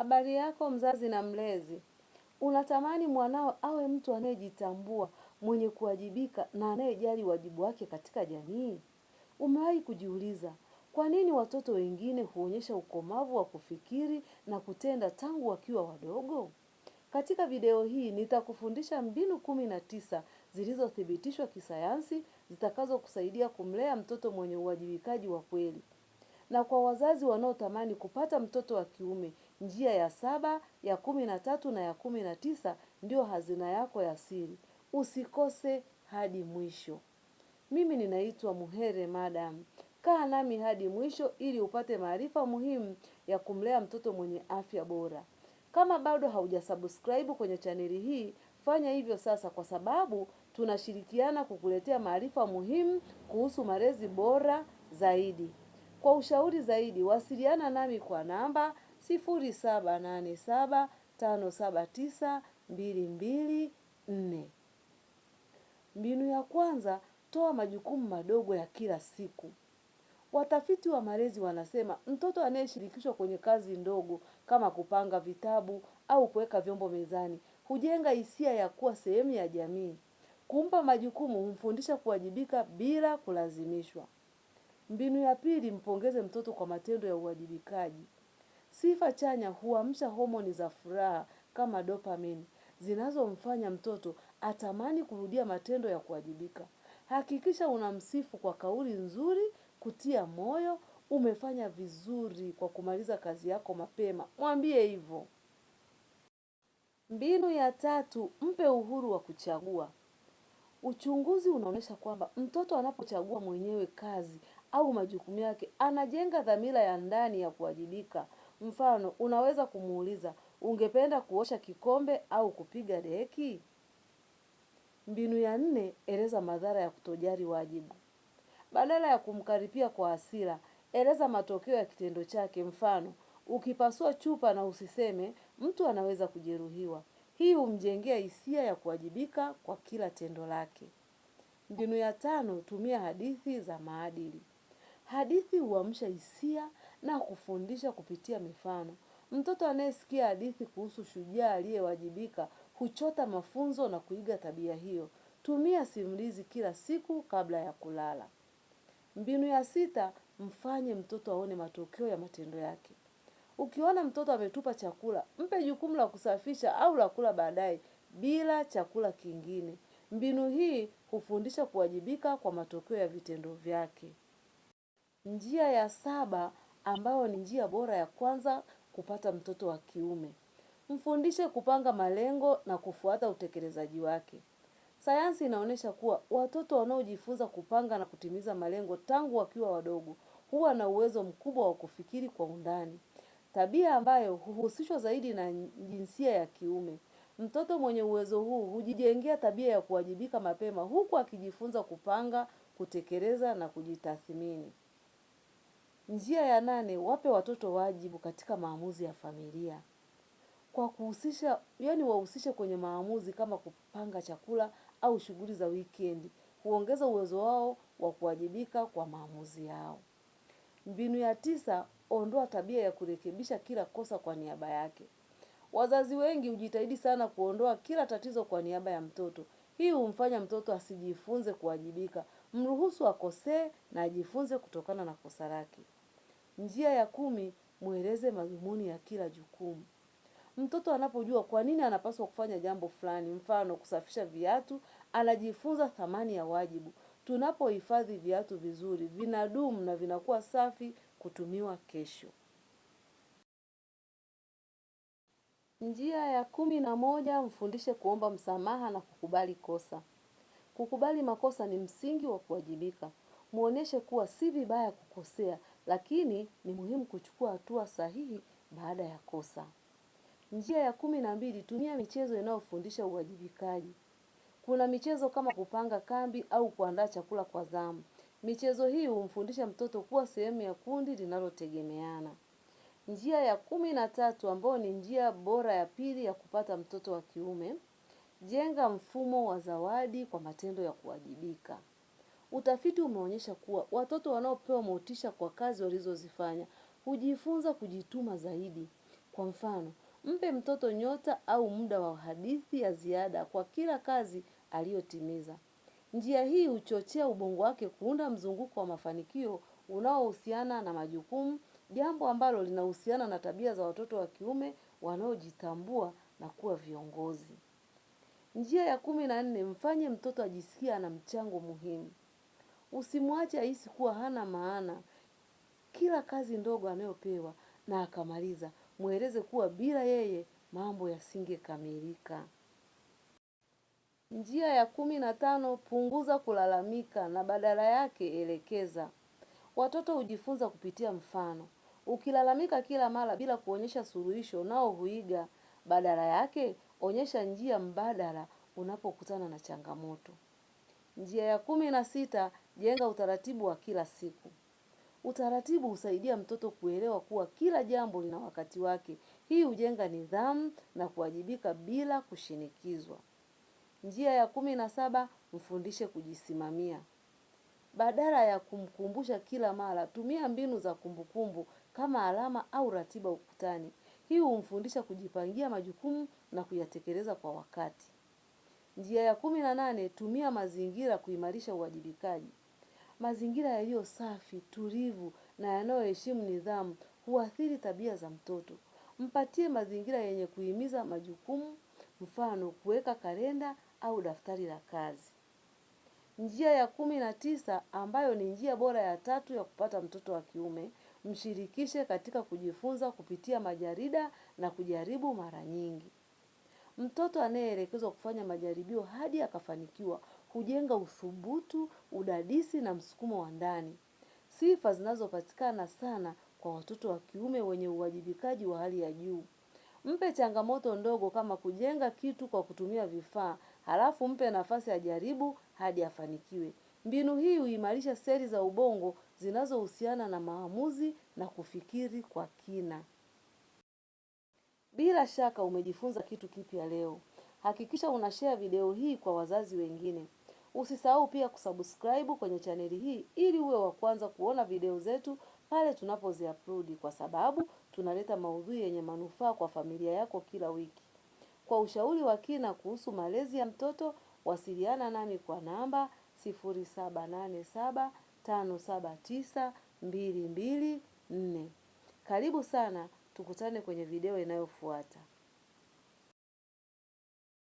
Habari yako mzazi na mlezi. Unatamani mwanao awe mtu anayejitambua, mwenye kuwajibika na anayejali wajibu wake katika jamii? Umewahi kujiuliza kwa nini watoto wengine huonyesha ukomavu wa kufikiri na kutenda tangu wakiwa wadogo? Katika video hii nitakufundisha mbinu kumi na tisa zilizothibitishwa kisayansi zitakazokusaidia kumlea mtoto mwenye uwajibikaji wa kweli. Na kwa wazazi wanaotamani kupata mtoto wa kiume, njia ya saba, ya kumi na tatu na ya kumi na tisa ndio hazina yako ya siri. Usikose hadi mwisho. Mimi ninaitwa Muhere Madam. Kaa nami hadi mwisho ili upate maarifa muhimu ya kumlea mtoto mwenye afya bora. Kama bado haujasubscribe kwenye chaneli hii, fanya hivyo sasa kwa sababu tunashirikiana kukuletea maarifa muhimu kuhusu malezi bora zaidi. Kwa ushauri zaidi, wasiliana nami kwa namba 0787579224. Mbinu ya kwanza, toa majukumu madogo ya kila siku. Watafiti wa malezi wanasema mtoto anayeshirikishwa kwenye kazi ndogo kama kupanga vitabu au kuweka vyombo mezani hujenga hisia ya kuwa sehemu ya jamii. Kumpa majukumu humfundisha kuwajibika bila kulazimishwa. Mbinu ya pili, mpongeze mtoto kwa matendo ya uwajibikaji. Sifa chanya huamsha homoni za furaha kama dopamine zinazomfanya mtoto atamani kurudia matendo ya kuwajibika. Hakikisha unamsifu kwa kauli nzuri, kutia moyo, umefanya vizuri kwa kumaliza kazi yako mapema. Mwambie hivyo. Mbinu ya tatu, mpe uhuru wa kuchagua. Uchunguzi unaonyesha kwamba mtoto anapochagua mwenyewe kazi au majukumu yake, anajenga dhamira ya ndani ya kuwajibika. Mfano, unaweza kumuuliza, ungependa kuosha kikombe au kupiga deki? Mbinu ya nne, eleza madhara ya kutojali wajibu. Badala ya kumkaripia kwa hasira, eleza matokeo ya kitendo chake. Mfano, ukipasua chupa na usiseme, mtu anaweza kujeruhiwa. Hii humjengea hisia ya kuwajibika kwa kila tendo lake. Mbinu ya tano, tumia hadithi za maadili. Hadithi huamsha hisia na kufundisha kupitia mifano. Mtoto anayesikia hadithi kuhusu shujaa aliyewajibika huchota mafunzo na kuiga tabia hiyo. Tumia simulizi kila siku kabla ya kulala. Mbinu ya sita, mfanye mtoto aone matokeo ya matendo yake. Ukiona mtoto ametupa chakula, mpe jukumu la kusafisha au la kula baadaye bila chakula kingine. Mbinu hii hufundisha kuwajibika kwa matokeo ya vitendo vyake. Njia ya saba ambayo ni njia bora ya kwanza kupata mtoto wa kiume. Mfundishe kupanga malengo na kufuata utekelezaji wake. Sayansi inaonyesha kuwa watoto wanaojifunza kupanga na kutimiza malengo tangu wakiwa wadogo huwa na uwezo mkubwa wa kufikiri kwa undani. Tabia ambayo huhusishwa zaidi na jinsia ya kiume. Mtoto mwenye uwezo huu hujijengea tabia ya kuwajibika mapema huku akijifunza kupanga, kutekeleza na kujitathmini. Njia ya nane, wape watoto wajibu katika maamuzi ya familia kwa kuhusisha, yani wahusishe kwenye maamuzi kama kupanga chakula au shughuli za weekend, Huongeza uwezo wao wa kuwajibika kwa maamuzi yao. Mbinu ya tisa, ondoa tabia ya kurekebisha kila kosa kwa niaba yake. Wazazi wengi hujitahidi sana kuondoa kila tatizo kwa niaba ya mtoto. Hii humfanya mtoto asijifunze kuwajibika. Mruhusu akosee na ajifunze kutokana na kosa lake. Njia ya kumi, mweleze madhumuni ya kila jukumu. Mtoto anapojua kwa nini anapaswa kufanya jambo fulani, mfano kusafisha viatu, anajifunza thamani ya wajibu. Tunapohifadhi viatu vizuri, vinadumu na vinakuwa safi kutumiwa kesho. Njia ya kumi na moja, mfundishe kuomba msamaha na kukubali kosa. Kukubali makosa ni msingi wa kuwajibika muoneshe kuwa si vibaya kukosea, lakini ni muhimu kuchukua hatua sahihi baada ya kosa. Njia ya kumi na mbili, tumia michezo inayofundisha uwajibikaji. Kuna michezo kama kupanga kambi au kuandaa chakula kwa zamu. Michezo hii humfundisha mtoto kuwa sehemu ya kundi linalotegemeana. Njia ya kumi na tatu ambayo ni njia bora ya pili ya kupata mtoto wa kiume, jenga mfumo wa zawadi kwa matendo ya kuwajibika. Utafiti umeonyesha kuwa watoto wanaopewa motisha kwa kazi walizozifanya hujifunza kujituma zaidi. Kwa mfano, mpe mtoto nyota au muda wa hadithi ya ziada kwa kila kazi aliyotimiza. Njia hii huchochea ubongo wake kuunda mzunguko wa mafanikio unaohusiana na majukumu, jambo ambalo linahusiana na tabia za watoto wa kiume wanaojitambua na kuwa viongozi. Njia ya kumi na nne mfanye mtoto ajisikie ana mchango muhimu. Usimwache ahisi kuwa hana maana. Kila kazi ndogo anayopewa na akamaliza, mweleze kuwa bila yeye mambo yasingekamilika. Njia ya kumi na tano, punguza kulalamika na badala yake elekeza. Watoto hujifunza kupitia mfano. Ukilalamika kila mara bila kuonyesha suluhisho, nao huiga. Badala yake, onyesha njia mbadala unapokutana na changamoto. Njia ya kumi na sita, jenga utaratibu wa kila siku. Utaratibu husaidia mtoto kuelewa kuwa kila jambo lina wakati wake. Hii hujenga nidhamu na kuwajibika bila kushinikizwa. Njia ya kumi na saba, mfundishe kujisimamia. Badala ya kumkumbusha kila mara, tumia mbinu za kumbukumbu kama alama au ratiba ukutani. Hii humfundisha kujipangia majukumu na kuyatekeleza kwa wakati. Njia ya kumi na nane, tumia mazingira kuimarisha uwajibikaji. Mazingira yaliyo safi, tulivu na yanayoheshimu nidhamu huathiri tabia za mtoto. Mpatie mazingira yenye kuhimiza majukumu, mfano kuweka kalenda au daftari la kazi. Njia ya kumi na tisa ambayo ni njia bora ya tatu ya kupata mtoto wa kiume, mshirikishe katika kujifunza kupitia majarida na kujaribu mara nyingi. Mtoto anayeelekezwa kufanya majaribio hadi akafanikiwa hujenga uthubutu, udadisi na msukumo wa ndani, sifa zinazopatikana sana kwa watoto wa kiume wenye uwajibikaji wa hali ya juu. Mpe changamoto ndogo kama kujenga kitu kwa kutumia vifaa, halafu mpe nafasi ajaribu hadi afanikiwe. Mbinu hii huimarisha seli za ubongo zinazohusiana na maamuzi na kufikiri kwa kina. Bila shaka umejifunza kitu kipya leo. Hakikisha unashare video hii kwa wazazi wengine. Usisahau pia kusubscribe kwenye chaneli hii ili uwe wa kwanza kuona video zetu pale tunapoziupload kwa sababu tunaleta maudhui yenye manufaa kwa familia yako kila wiki. Kwa ushauri wa kina kuhusu malezi ya mtoto, wasiliana nami kwa namba 0787 Karibu sana. Tukutane kwenye video inayofuata.